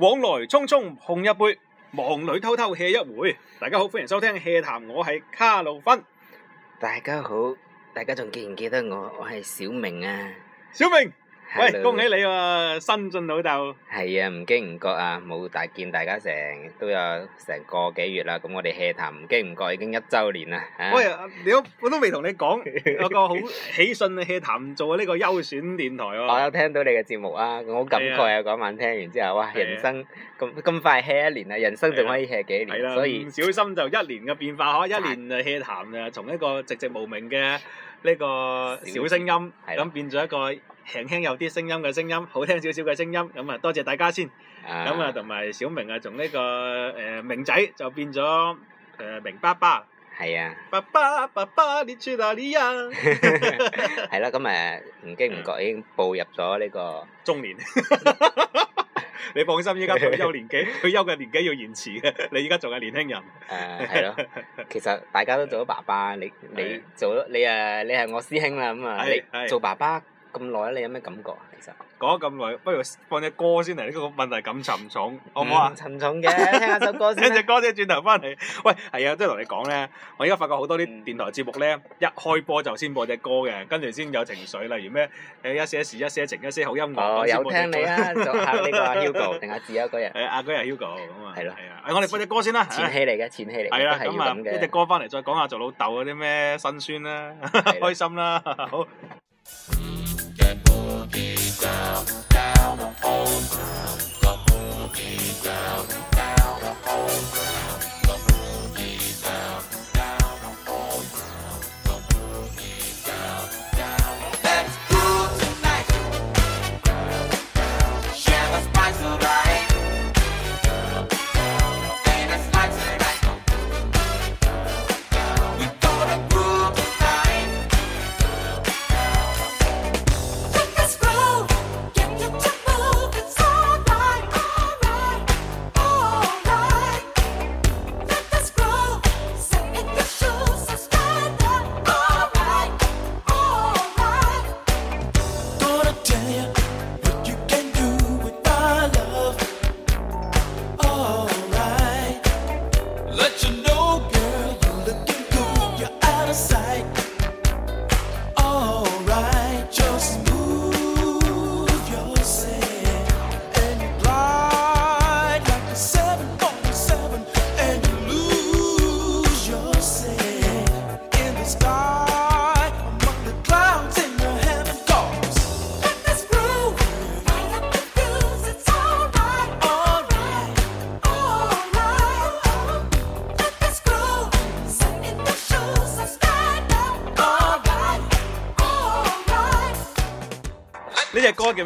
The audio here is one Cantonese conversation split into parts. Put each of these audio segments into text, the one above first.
往來匆匆碰一杯，忙裏偷偷 hea 一回。大家好，歡迎收聽 hea 談，我係卡路芬。大家好，大家仲記唔記得我？我係小明啊，小明。喂！恭喜你喎，新進老豆。係啊，唔經唔覺啊，冇大見大家成都有成個幾月啦。咁我哋 hea 談唔經唔覺已經一週年啦。喂，你都我都未同你講，有個好喜訊嘅 hea 談做呢個優選電台喎。我有聽到你嘅節目啊，我好感慨啊！嗰晚聽完之後，哇！人生咁咁快 hea 一年啦，人生仲可以 hea 幾年？係啦。所以唔小心就一年嘅變化呵，一年就 hea 談就從一個寂寂無名嘅呢個小聲音，咁變咗一個。輕輕有啲聲音嘅聲音，好聽少少嘅聲音，咁啊多謝大家先。咁啊同埋小明啊，從呢個誒明仔就變咗誒明爸爸。係啊！爸爸爸爸你住哪裡啊？係啦，咁啊唔經唔覺已經步入咗呢個中年。你放心，依家退休年紀，退休嘅年紀要延遲嘅，你依家仲係年輕人。誒，係咯。其實大家都做咗爸爸，你你做咗你誒你係我師兄啦，咁啊，你做爸爸。咁耐啊！你有咩感覺啊？其實講咗咁耐，不如放隻歌先嚟。呢個問題咁沉重，好唔好啊？沉重嘅，聽下首歌先。一隻歌先，轉頭翻嚟。喂，係啊，即係同你講咧，我而家發覺好多啲電台節目咧，一開播就先播隻歌嘅，跟住先有情緒。例如咩？誒一些時，一些情，一些好音樂。哦，有聽你啊，做下呢個 Hugo 定下子啊嗰人。誒，阿哥係 Hugo 噶嘛？係咯。係啊。誒，我哋播隻歌先啦。前戲嚟嘅，前戲嚟。係啦，係要咁嘅。一隻歌翻嚟再講下做老竇嗰啲咩辛酸啦，開心啦，好。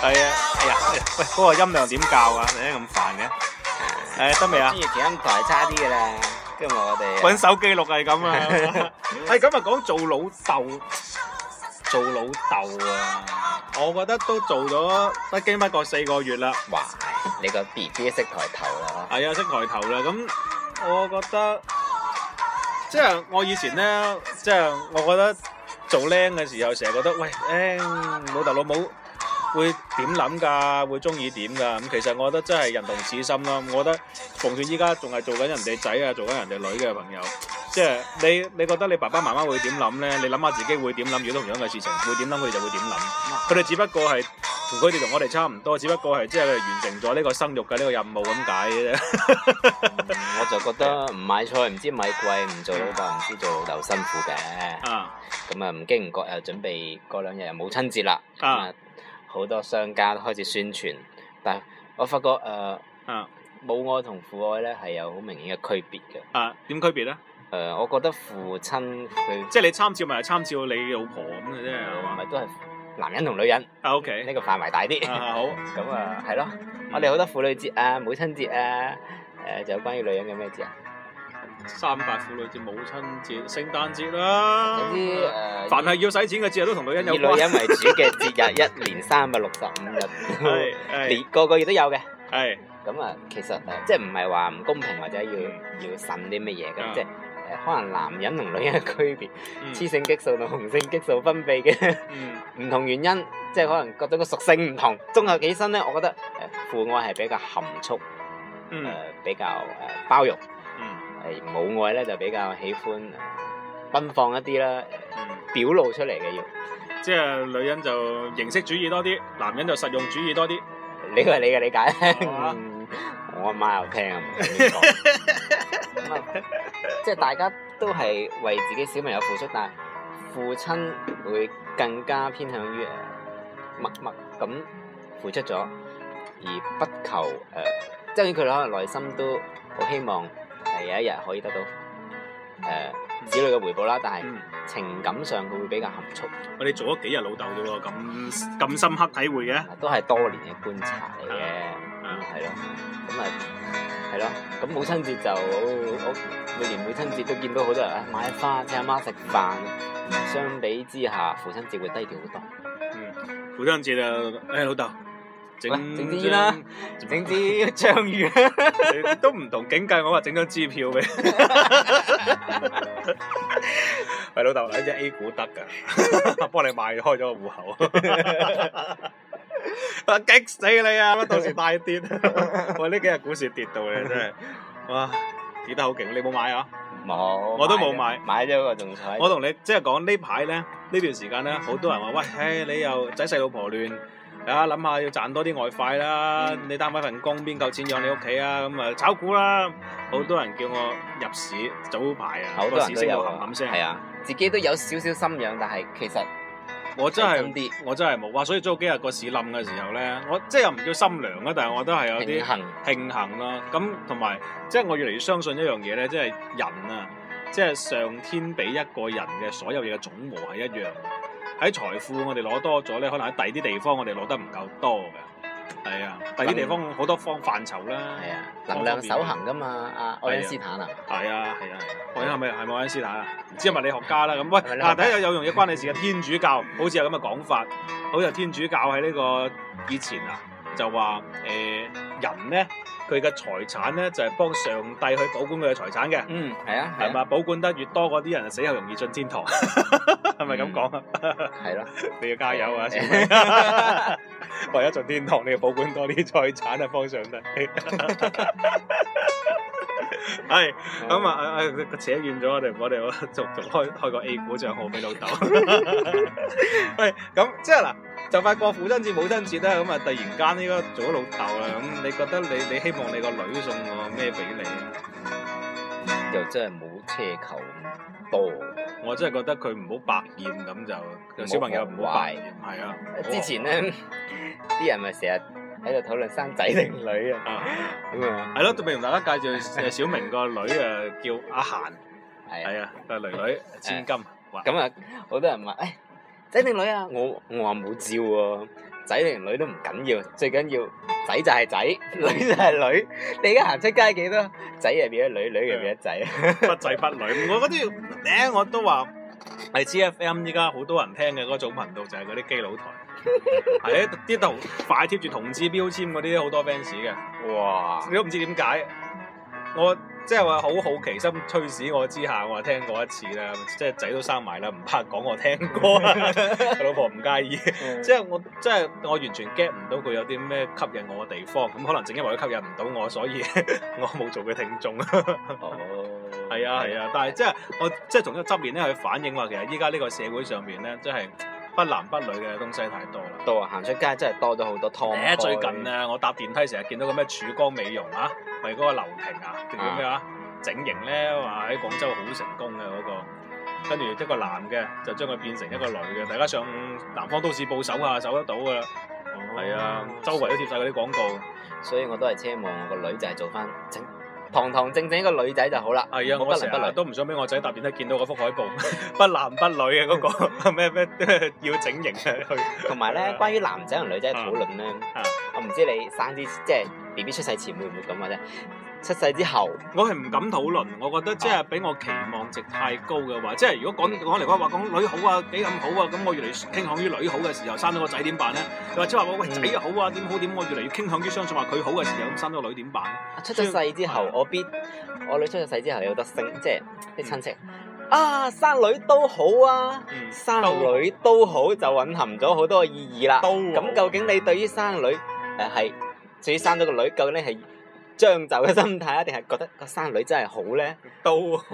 係啊，哎呀，喂，嗰個音量點校啊？點解咁煩嘅？誒，得未啊？專業調音台差啲噶啦，跟住我哋搵手機錄啊，咁啊，係咁啊，講做老豆，做老豆啊！我覺得都做咗不經不覺四個月啦。哇，你個 BB 識抬頭啦？係啊，識抬頭啦。咁我覺得，即係我以前咧，即係我覺得做僆嘅時候，成日覺得喂，誒，老豆老母。會點諗噶？會中意點噶？咁其實我覺得真係人同此心咯。我覺得逢住依家仲係做緊人哋仔啊，做緊人哋女嘅朋友，即係你你覺得你爸爸媽媽會點諗咧？你諗下自己會點諗，遇到同樣嘅事情會點諗，佢哋就會點諗。佢哋只不過係同佢哋同我哋差唔多，只不過係即係佢哋完成咗呢個生育嘅呢個任務咁解嘅啫。我就覺得唔買菜唔知米貴，唔做老豆唔知做老豆辛苦嘅。啊、嗯，咁啊，唔經唔覺又準備過兩日又母親節啦。啊、嗯。嗯好多商家都開始宣傳，但係我發覺誒、呃，啊，母愛同父愛咧係有好明顯嘅區別嘅。啊，點區別咧？誒、呃，我覺得父親即係你參照咪係參照你老婆咁嘅啫，係咪、就是呃、都係男人同女人。OK 呢個範圍大啲、啊。好，咁 那、呃 嗯、 啊係咯，我哋好多婦女節啊、母親節啊，誒、呃、就關於女人嘅咩節啊？三八婦女節、母親節、聖誕節啦，嗰啲誒，凡係要使錢嘅節日都同女人有關。以女人為主嘅節日，一年三百六十五日，連個個月都有嘅。係咁啊，其實誒，即係唔係話唔公平或者要要審啲咩嘢咁，即係可能男人同女人嘅區別，雌性激素同雄性激素分泌嘅唔同原因，即係可能覺得個屬性唔同。綜合起身咧，我覺得誒，父愛係比較含蓄，誒，比較誒包容。誒，母愛咧就比較喜歡奔放一啲啦，表露出嚟嘅要，即係女人就形式主義多啲，男人就實用主義多啲。呢個係你嘅理解，我阿媽又聽，即係大家都係為自己小朋友付出，但係父親會更加偏向於默默咁付出咗，而不求誒，即係佢可能內心都好希望。第一日可以得到誒、呃、子女嘅回報啦，但係情感上佢會比較含蓄。我哋做咗幾日老豆啫咁咁深刻體會嘅，都係多年嘅觀察嚟嘅，係、嗯、咯，咁啊係咯，咁母親節就我，我每年母親節都見到好多人、啊、買花請阿媽食飯，相比之下父親節會低調好多。嗯，父親節就誒老豆。整啲啦，整啲章魚、啊、都唔同境界。我話整張支票俾。 喂，老豆，呢隻 A 股得噶，幫你賣開咗個戶口，激 死你啊！乜到時大跌，我 呢幾日股市跌到嚟真係，哇，跌得好勁！你冇買嗬、啊？冇，我都冇買，買咗個中彩。我同你即係講呢排咧，呢段時間咧，好、嗯、多人話喂，你又仔細老婆嫩。啊諗下要賺多啲外快啦、嗯，你打埋份工邊夠錢養你屋企啊？咁啊炒股啦，好、嗯、多人叫我入市早排啊，個市升到冧冧聲，係啊，自己都有少少心癢，但係其實我真係咁我真係冇哇！所以早幾日個市冧嘅時候咧，我即係又唔叫心涼啊，但係我都係有啲慶幸啦咁，同埋即係我越嚟越相信一樣嘢咧，即係人啊，即係上天俾一個人嘅所有嘢嘅總和係一樣。喺財富我哋攞多咗咧，可能喺第啲地方我哋攞得唔夠多嘅，係啊，第啲地方好多方範疇啦，能量、啊、守恒噶嘛，阿愛因斯坦啊，係啊係啊係，愛因係咪係咪愛因斯坦啊？唔 知物理學家啦咁，喂是是，啊，第一有有用嘅關你事嘅天主教， 好似有咁嘅講法，好似天主教喺呢個以前啊，就話誒人咧。佢嘅財產咧，就係、是、幫上帝去保管佢嘅財產嘅。嗯，係啊，係嘛、啊，保管得越多嗰啲人死後容易進天堂 rolling，是這樣說，係咪咁講啊？係咯，你要加油啊！ 為咗進天堂，你要保管多啲財產啊，幫上帝、 哎。係咁啊啊！扯遠咗我哋，我哋我續續開開個 A 股賬號俾老豆。喂，咁即係嗱。就快過父親節母親節啦，咁啊突然間呢個做咗老豆啦，咁你覺得你你希望你個女送個咩俾你啊？又真係冇奢求多，我真係覺得佢唔好百厭，咁就小朋友唔好百厭。啊，之前咧啲人咪成日喺度討論生仔定女啊。咁啊係咯，都俾同大家介紹小明個女 啊，叫阿嫻。係啊，個女女千金。咁啊，好多人問。仔定女啊！我我話冇照啊，仔定女都唔緊要，最緊要仔就係仔，女就係女。你而家行出街幾多仔入邊嘅女，女入邊嘅仔，不仔不女。我嗰啲咧，我都話係 GFM，依家好多人聽嘅嗰種頻道就係嗰啲基佬台，係啲同快貼住同志標籤嗰啲好多 fans 嘅，哇！你都唔知點解我。即係話好好奇心驅使我之下，我聽過一次啦。即係仔都生埋啦，唔怕講我聽過啦。 老婆唔介意。 嗯、即係我，即係我完全 get 唔到佢有啲咩吸引我嘅地方。咁可能正因為佢吸引唔到我，所以我冇做佢聽眾。哦，係 啊，係啊，啊。但係即係我 即係從一個側面咧去反映話，其實依家呢個社會上面咧即係。不男不女嘅東西太多啦，到啊行出街真係多咗好多湯。最近啊，我搭電梯成日見到個咩曙光美容啊，咪嗰個劉婷啊，定叫咩啊？整形咧話喺廣州好成功嘅、啊、嗰、那個，跟住一個男嘅就將佢變成一個女嘅，大家上南方都市報搜下搜得到噶啦，係、哦、啊，周圍都貼晒嗰啲廣告，所以我都係奢望我個女就係做翻整。堂堂正正一個女仔就好啦，係啊！不不不我不能，都唔想俾我仔搭電梯見到嗰幅海報， 不男不女嘅嗰、那個咩咩 要整形去。同埋咧，uh, 關於男仔同女仔討論咧，uh, uh, 我唔知你生啲即係 B B 出世前會唔會咁嘅啫。出世之後，我係唔敢討論。我覺得即係俾我期望值太高嘅話，即係如果講講嚟講去，嗯、話講女好啊，幾咁好啊，咁我越嚟越傾向於女好嘅時候，生咗個仔點辦咧？或者話我喂仔啊、嗯、好啊，點好點？我越嚟越傾向於相信話佢好嘅時候，咁生咗個女點辦？出咗世之後，我必，、嗯、我，必我女出咗世之後，有得性，即係啲親戚、嗯、啊，生女都好啊，嗯、生女都好就蘊含咗好多意義啦。咁究竟你對於生女誒係至於生咗個女，究竟咧係？將就嘅心態一定係覺得個生女真係好咧？都，好！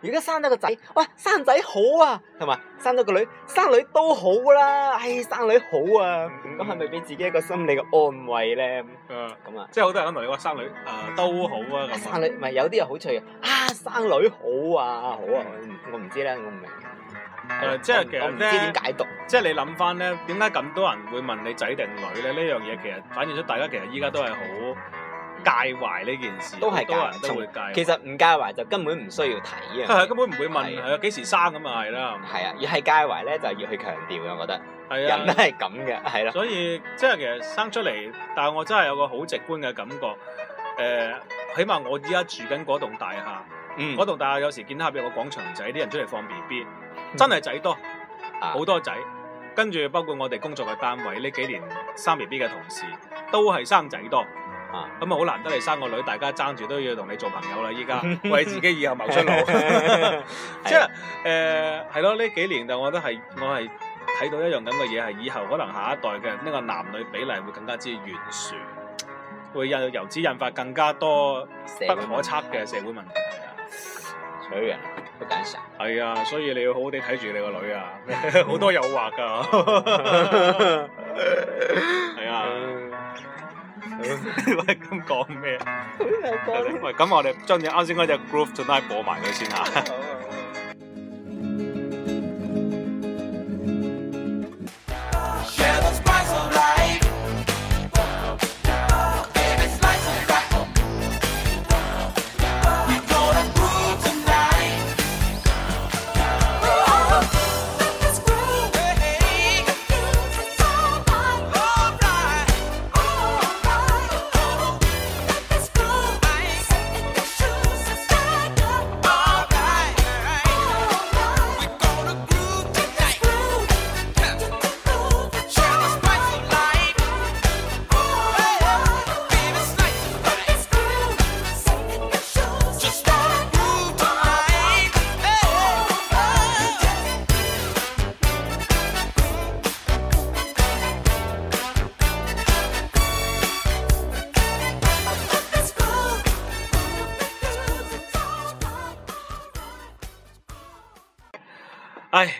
如果生咗個仔，哇，生仔好啊，同埋生咗個女，生女都好啦、啊，唉、哎，生女好啊，咁係咪俾自己一個心理嘅安慰咧？咁、嗯、啊，即係好多人都同你話生女，啊，都好啊。咁、啊啊、生女唔係有啲人好脆啊，啊，生女好啊，好啊，我唔知咧，我唔明。誒、嗯，即係我唔知點解讀。即係你諗翻咧，點解咁多人會問你仔定女咧？呢樣嘢其實反映咗大家其實依家都係好。介懷呢件事都係，都係多人都會介。其實唔介懷就根本唔需要睇嘅，係根本唔會問，係啊，幾時生咁啊，係啦。係啊，要係介懷咧，就要去強調嘅，我覺得。係啊，人都係咁嘅，係咯。所以即係其實生出嚟，但係我真係有個好直觀嘅感覺。誒、呃，起碼我依家住緊嗰棟大廈，嗯，嗰棟大廈有時見到下邊有個廣場仔啲人出嚟放 B B，真係仔多，好多仔。跟、啊、住包括我哋工作嘅單位呢幾年生 B B 嘅同事，都係生仔多。咁啊，好難得你生個女，大家爭住都要同你做朋友啦！依家為自己以後謀出路 是的，即係誒，係咯，呢幾年就我覺得係我係睇到一樣咁嘅嘢，係以後可能下一代嘅呢個男女比例會更加之懸殊，會有由此引發更加多不可測嘅社會問題。所以啊，不謹慎，係啊，所以你要好好地睇住你個女啊，好 多誘惑噶，係 啊。喂，咁講咩？喂，咁我哋將你啱先嗰隻 groove tonight 播埋佢先吓，好啊。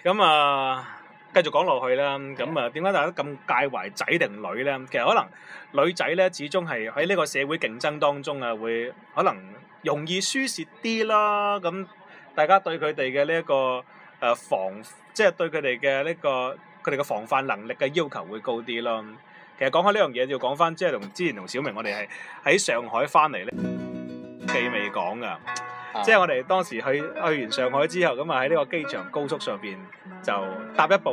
咁啊，繼續講落去啦。咁啊，點解大家都咁介懷仔定女咧？其實可能女仔咧，始終係喺呢個社會競爭當中啊，會可能容易輸蝕啲啦。咁大家對佢哋嘅呢一個誒防，即係對佢哋嘅呢個佢哋嘅防範能力嘅要求會高啲咯。其實講開呢樣嘢，要講翻即係同之前同小明我哋係喺上海翻嚟咧，記未講噶？哦、即係我哋當時去去完上海之後，咁啊，喺呢個機場高速上邊就搭一部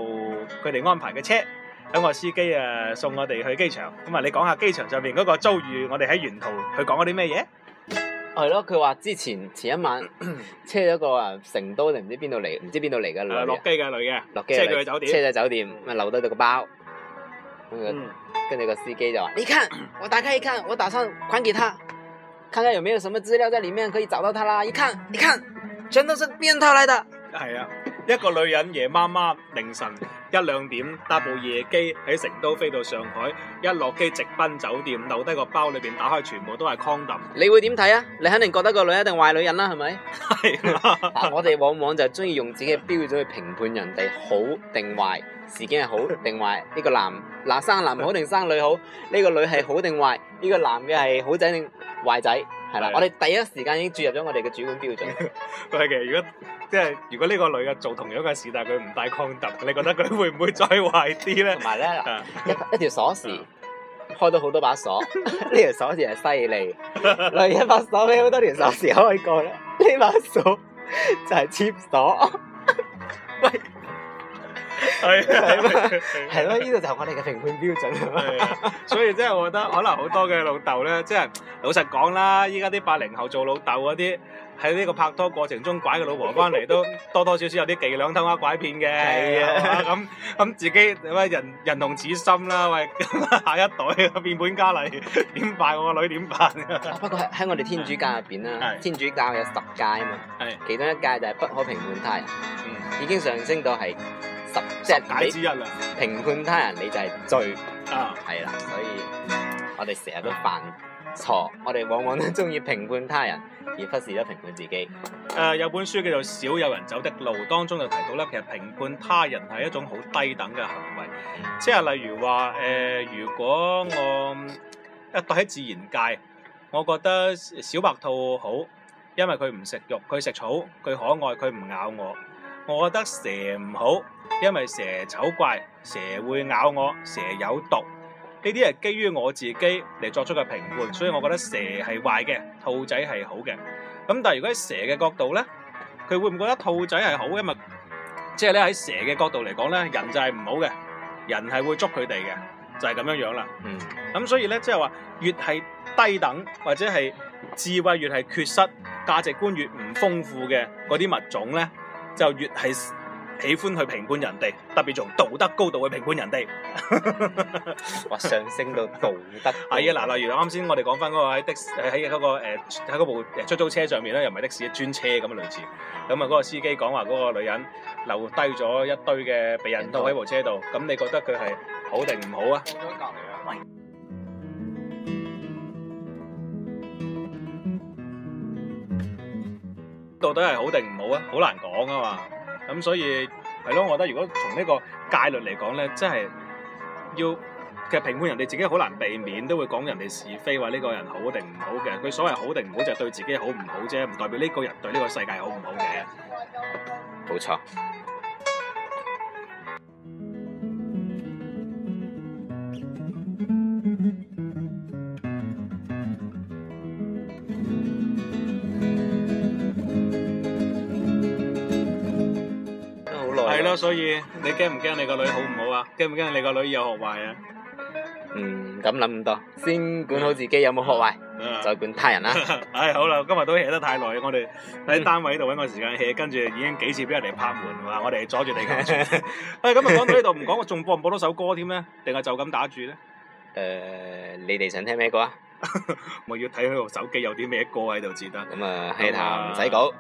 佢哋安排嘅車，有個司機啊送我哋去機場。咁啊，你講下機場上邊嗰個遭遇，我哋喺沿途去講嗰啲咩嘢？係咯，佢話之前前一晚 車咗個啊成都定唔知邊度嚟，唔知邊度嚟嘅女落機嘅女嘅落機，車佢去酒店，車咗酒店，咪、嗯、留低咗個包，跟住個司機就話。你看， 我打開一看，我打算還給他。看看有沒有什麼資料在裏面可以找到他啦，一！一看，你看，全都是變態來的。係啊，一個女人夜媽媽凌晨一兩點搭部夜機喺成都飛到上海，一落機直奔酒店，留低個包裏邊打開，全部都係 condom。你會點睇啊？你肯定覺得個女一定壞女人啦，係咪？係啦。我哋往往就中意用自己嘅標準去評判人哋好定壞，事件係好定壞，呢個男嗱生男好定生女好，呢個女係好定壞，呢個男嘅係好仔定壞仔。係啦，我哋第一時間已經注入咗我哋嘅主管標準。係嘅，其實如果即係如果呢個女嘅做同樣嘅事，但係佢唔戴 condom，你覺得佢會唔會再壞啲咧？同埋咧，一一條鎖匙開到好多把鎖，呢條鎖匙係犀利，例如 一把鎖俾好多條鎖匙開過啦，呢把鎖就係 cheap 鎖。係係咯，呢個就係我哋嘅評判標準。所以即係我覺得可能好多嘅老豆咧，即係老實講啦。依家啲八零後做老豆嗰啲，喺呢個拍拖過程中拐個老婆翻嚟，都多多少少有啲伎倆偷呃、啊、拐騙嘅。係啊，咁、啊、咁自己喂人人同此心啦，喂，下一代變本加厲，點辦？我個女點辦？不過喺我哋天主教入邊啦，天主教有十戒啊嘛，嗯嗯、其中一戒就係不可評判他、嗯、已經上升到係。十隻解之一啦！評判他人你就係罪，啊，係啦，所以我哋成日都犯錯，啊、我哋往往都鍾意評判他人，而忽視咗評判自己。誒、呃、有本書叫做《少有人走的路》當中就提到咧，其實評判他人係一種好低等嘅行為，即、就、係、是、例如話誒、呃，如果我一睇喺自然界，我覺得小白兔好，因為佢唔食肉，佢食草，佢可愛，佢唔咬我。我覺得蛇唔好，因為蛇醜怪，蛇會咬我，蛇有毒。呢啲係基於我自己嚟作出嘅評判，所以我覺得蛇係壞嘅，兔仔係好嘅。咁但係如果喺蛇嘅角度咧，佢會唔覺得兔仔係好嘅？因為即係咧喺蛇嘅角度嚟講咧，人就係唔好嘅，人係會捉佢哋嘅，就係、是、咁樣樣啦。咁、嗯、所以咧，即係話越係低等或者係智慧越係缺失，價值觀越唔豐富嘅嗰啲物種咧，就越係喜歡去評判人哋，特別從道德高度去評判人哋。 哇！上升到道德。係啊，嗱，例如啱先我哋講翻嗰個喺的喺嗰、嗰個喺、呃、部出租車上面咧，又唔係的士專車咁嘅類似。咁啊，嗰個司機講話嗰個女人留低咗一堆嘅避孕套喺部車度，咁你覺得佢係好定唔好啊？過咗隔籬我都係好定唔好啊，好難講啊嘛。咁所以係咯，我覺得如果從呢個戒律嚟講咧，真係要其實評判人哋自己好難避免，都會講人哋是非，話呢個人好定唔好嘅。佢所謂好定唔好就係對自己好唔好啫，唔代表呢個人對呢個世界好唔好嘅。冇錯。係咯，所以你驚唔驚你個女好唔好啊？驚唔驚你個女又學壞啊？嗯，唔敢諗咁多，先管好自己有冇學壞，再管他人啦。唉，好啦，今日都 hea 得太耐，我哋喺單位呢度搵個時間 hea，跟住已經幾次俾人哋拍門，話我哋阻住你嘅。唉，咁啊，講到呢度唔講，我仲播唔播多首歌添咧？定係就咁打住咧？誒，你哋想聽咩歌啊？我要睇佢部手機有啲咩歌喺度至得。咁啊，hea 頭唔使講，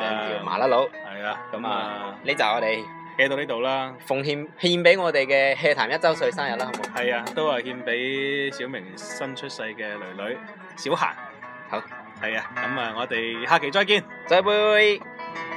兩條麻甩佬。係啊，咁啊，呢集我哋。寄到呢度啦，奉獻獻俾我哋嘅 HEA 談一週歲生日啦，好唔好？係啊，都係獻俾小明新出世嘅女女小霞。好，係啊，咁啊，我哋下期再見，再拜拜。